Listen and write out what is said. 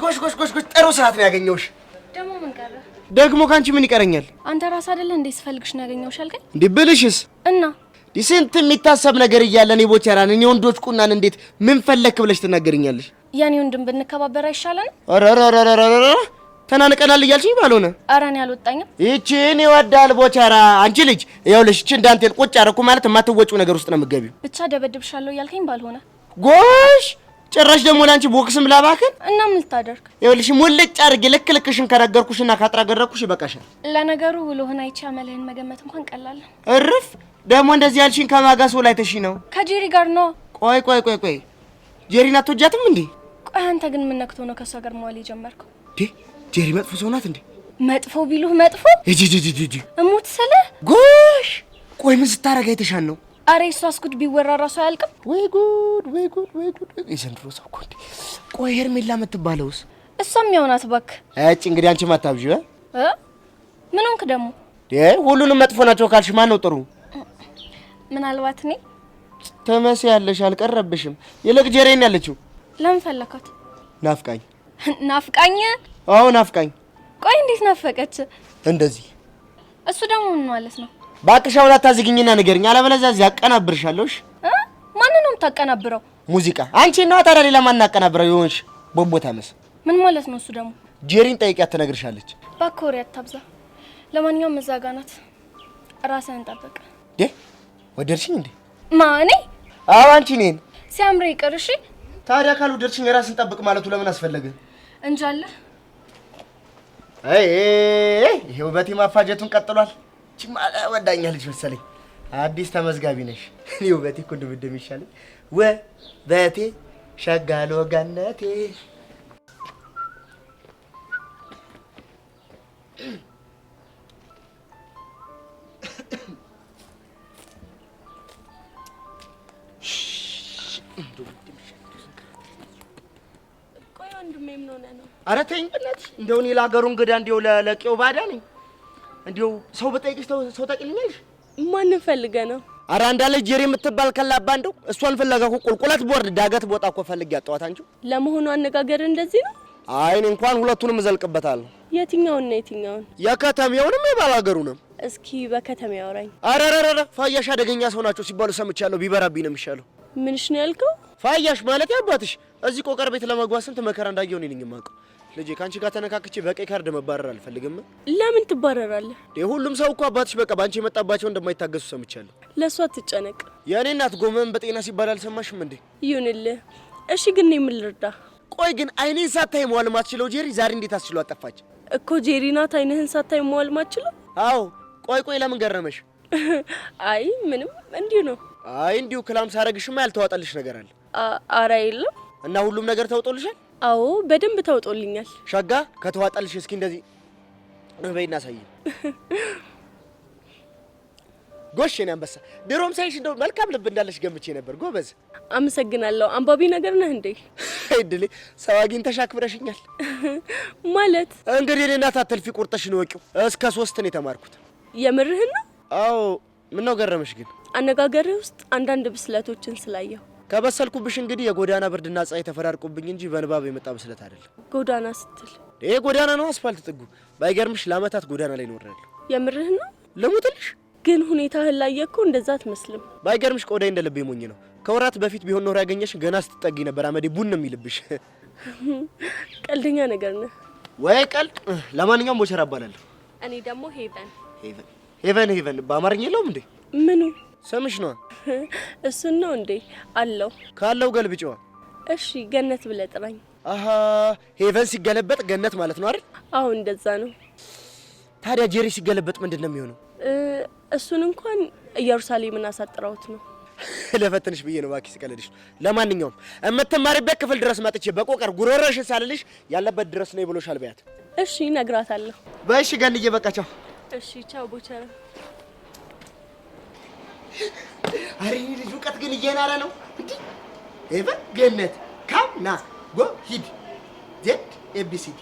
ጎሽ ጎሽ ጎሽ ጎሽ ጎሽ ጥሩ ሰዓት ነው ያገኘሁሽ። ደግሞ ምን ቀረ? ደግሞ ካንቺ ምን ይቀረኛል? አንተ ራስ አይደለ እንዴ ስፈልግሽ ነው ያገኘሁሽ አልከኝ። እንዴ ብልሽስ እና ስንት የሚታሰብ ነገር እያለ እኔ ቦቸራን እኔ ወንዶች ቁናን እንዴት ምን ፈለክ ብለሽ ትናገርኛለሽ? ያኔ ወንድም ብንከባበር አይሻለን? ኧረ ተናንቀናል እያልሽኝ ባልሆነ አራን እኔ አልወጣኝም። ይቺን ይወዳል ቦቻራ። አንቺ ልጅ ይኸውልሽ እቺ ዳንቴል ቁጭ አደረኩ ማለት የማትወጪው ነገር ውስጥ ነው የምትገቢው። ብቻ ደበድብሻለሁ እያልከኝ ባልሆነ ጎሽ ጭራሽ ደግሞ ለአንቺ ቦክስም ላባክን እና ምን ልታደርግ? ይኸውልሽ ሞለጭ አድርጌ ልክ ልክሽን ከነገርኩሽና ካጥራገረኩሽ ይበቃሻል። ለነገሩ ውሎህን አይቼ አመልህን መገመት እንኳን ቀላል ነው። እርፍ ደግሞ እንደዚህ ያልሽኝ ከማጋስ ላይ ተሺ ነው ከጄሪ ጋር ነው። ቆይ ቆይ ቆይ ቆይ ጄሪን አትወጃትም እንዴ? ቆይ አንተ ግን ምን ነክቶ ነው ከእሷ ጋር መዋል የጀመርከው እንዴ? ጄሪ መጥፎ ሰው ናት እንዴ? መጥፎ ቢሉህ መጥፎ እሙት ስለ ጎሽ። ቆይ ምን ስታረግ አይተሻል ነው አሬ እሷስ ጉድ ቢወራ ራሱ አያልቅም። ወይ ጉድ ወይ ጉድ ወይ ጉድ! የዘንድሮ ሰው እኮ እንዴ! ቆይ ሄርሜላ የምትባለውስ እሷም የሆናት እባክህ። እጭ እንግዲህ አንቺ ማታብዥ እ ምን ሆንክ ደግሞ? ሁሉንም መጥፎ ናቸው ካልሽ ማን ነው ጥሩ? ምናልባት እኔ ትመስያለሽ። አልቀረብሽም። የለቅ ጀሬን ያለችው ለምን ፈለካት? ናፍቃኝ ናፍቃኝ። አዎ ናፍቃኝ። ቆይ እንዴት ናፈቀች እንደዚህ? እሱ ደግሞ ምን ማለት ነው? እባክሽ አሁን አታዝግኝና ንገርኝ፣ አለበለዚያ እዚህ አቀናብርሻለሁ። እሺ ነው የምታቀናብረው? ሙዚቃ አንቺ ነዋ። ታዲያ ሌላ ማን አቀናብረው ይሆንሽ? ቦቦታ መስ ምን ማለት ነው እሱ ደግሞ? ጄሪን ጠይቂያት ትነግርሻለች። እባክህ ወሬ አታብዛ። ለማንኛውም እዛ ጋ ናት፣ ራስህን ጠብቅ። ዴ ወደድሽኝ እንዴ? ማኔ? አዎ አንቺ እኔን ሲያምር ይቅር። እሺ ታዲያ ካልወደድሽኝ ራስን ጠብቅ ማለቱ ለምን አስፈለገ? እንጃለ። አይ ይሄ ውበቴ ማፋጀቱን ቀጥሏል። ችማ ወዳኛ ልጅ መሰለኝ። አዲስ ተመዝጋቢ ነሽ። እኔ ውበቴ እኮ ድብድብ ይሻለኝ። ውበቴ ሸጋሎ ገነቴ ቆይ ወንድሜ ምን ሆነህ ነው? ተይኝ በእናትሽ እንደው እኔ ለሀገሩ እንግዳ እንደው ለቄው ባዳ ነኝ። እንዲሁ ሰው በጠይቅሽ ሰው ታውቂልኛለሽ? ማንን ፈልገ ነው? ኧረ እንዳለች ጀሪ የምትባል ከላባ እንደው እሷን ፍለጋ እኮ ቁልቁለት ቦርድ ዳገት ቦታ እኮ ፈልጌ ያጣኋት። አንቺው ለመሆኑ አነጋገር እንደዚህ ነው? አይን እንኳን ሁለቱንም እዘልቅበታለሁ። የትኛውን ነው የትኛውን? የከተሜውንም የባላገሩንም። እስኪ በከተሜ አውራኝ። ኧረ ፋያሽ አደገኛ ሰው ናቸው ሲባሉ ሰምቻለሁ። ቢበራብኝ ነው የሚሻለው። ምንሽ ነው ያልከው? ፋያሽ ማለት ያባትሽ። እዚህ ቆቀር ቤት ለመግባት ስንት መከራ እንዳየው ነው ነኝ የማውቀው። ልጄ ከአንቺ ጋር ተነካክቼ በቀይ ካርድ መባረር አልፈልግም። ለምን ትባረራለህ? ሁሉም ሰው እኮ አባትሽ በቃ በአንቺ የመጣባቸው እንደማይታገሱ ሰምቻለሁ። ለእሷ ትጨነቅ? የእኔ እናት ጎመን በጤና ሲባል አልሰማሽም እንዴ? ይሁንልህ። እሺ ግን የምልርዳ። ቆይ ግን አይኔን ሳታይ መዋል ማትችለው ጄሪ ዛሬ እንዴት አስችሎ አጠፋች? እኮ ጄሪ ናት አይንህን ሳታይ መዋል ማትችለው። አዎ። ቆይ ቆይ፣ ለምን ገረመሽ? አይ ምንም፣ እንዲሁ ነው። አይ እንዲሁ ክላም ሳረግሽማ ያልተዋጠልሽ ነገር አለ። አረ የለም። እና ሁሉም ነገር ተውጦልሻል? አዎ በደንብ ተውጦልኛል። ሸጋ ከተዋጣልሽ እስኪ እንደዚህ በይና ሳይ ጎሽ የኔ አንበሳ፣ ድሮም ሳይሽ እንደው መልካም ልብ እንዳለሽ ገምቼ ነበር። ጎበዝ፣ አመሰግናለሁ። አንባቢ ነገር ነህ እንዴ? እድሌ ሰው አግኝተሽ አክብረሽኛል። ማለት እንግዲህ እኔ እናት አትልፊ፣ ቁርጥሽ ነው ወቂው። እስከ ሶስት ነው የተማርኩት። የምርህን ነው? አዎ። ምነው ገረመሽ ግን? አነጋገርህ ውስጥ አንዳንድ ብስለቶችን ስላየሁ ከበሰልኩብሽ እንግዲህ የጎዳና ብርድና ፀሐይ ተፈራርቁብኝ እንጂ በንባብ የመጣ ብስለት አይደለም። ጎዳና ስትል ይሄ ጎዳና ነው፣ አስፋልት ጥጉ። ባይገርምሽ ለአመታት ጎዳና ላይ ኖሬያለሁ። የምርህ ነው? ልሙትልሽ። ግን ሁኔታህን ላየ እንደዛ አትመስልም። ባይገርምሽ ቆዳይ እንደ ልቤ ሞኝ ነው። ከወራት በፊት ቢሆን ኖሮ ያገኘሽ ገና ስትጠጊ ነበር አመዴ ቡን ነው የሚልብሽ። ቀልደኛ ነገር ነህ ወይ ቀልድ። ለማንኛውም ቦቸራ እባላለሁ። እኔ ደግሞ ሄቨን ሄቨን ሄቨን ሄቨን በአማርኛ የለውም እንዴ ምኑ ስምሽ ነው? እሱን ነው እንዴ? አለው ካለው ገልብጨዋ። እሺ ገነት ብለህ ጥራኝ። አሀ ሄቨን ሲገለበጥ ገነት ማለት ነው አይደል? አሁን እንደዛ ነው። ታዲያ ጄሪ ሲገለበጥ ምንድን ነው የሚሆነው? እሱን እንኳን ኢየሩሳሌምን አሳጥረውት ነው። ለፈትንሽ ብዬ ነው እባክሽ፣ ስቀልድሽ። ለማንኛውም የምትማሪበት ክፍል ድረስ መጥቼ በቆቀር ጉሮሮሽን ሳልልሽ ያለበት ድረስ ነው ብሎሻል። በያት። እሺ እነግራታለሁ። በእሺ ገንዬ፣ በቃ ቻው። እሺ ቻው ቦቸራ አረ ልጅ እውቀት ግን እየናረ ነው። እንዲህ ኤቨን ገነት ካምና ጎ ሂድ ዜድ ኤቢሲዲ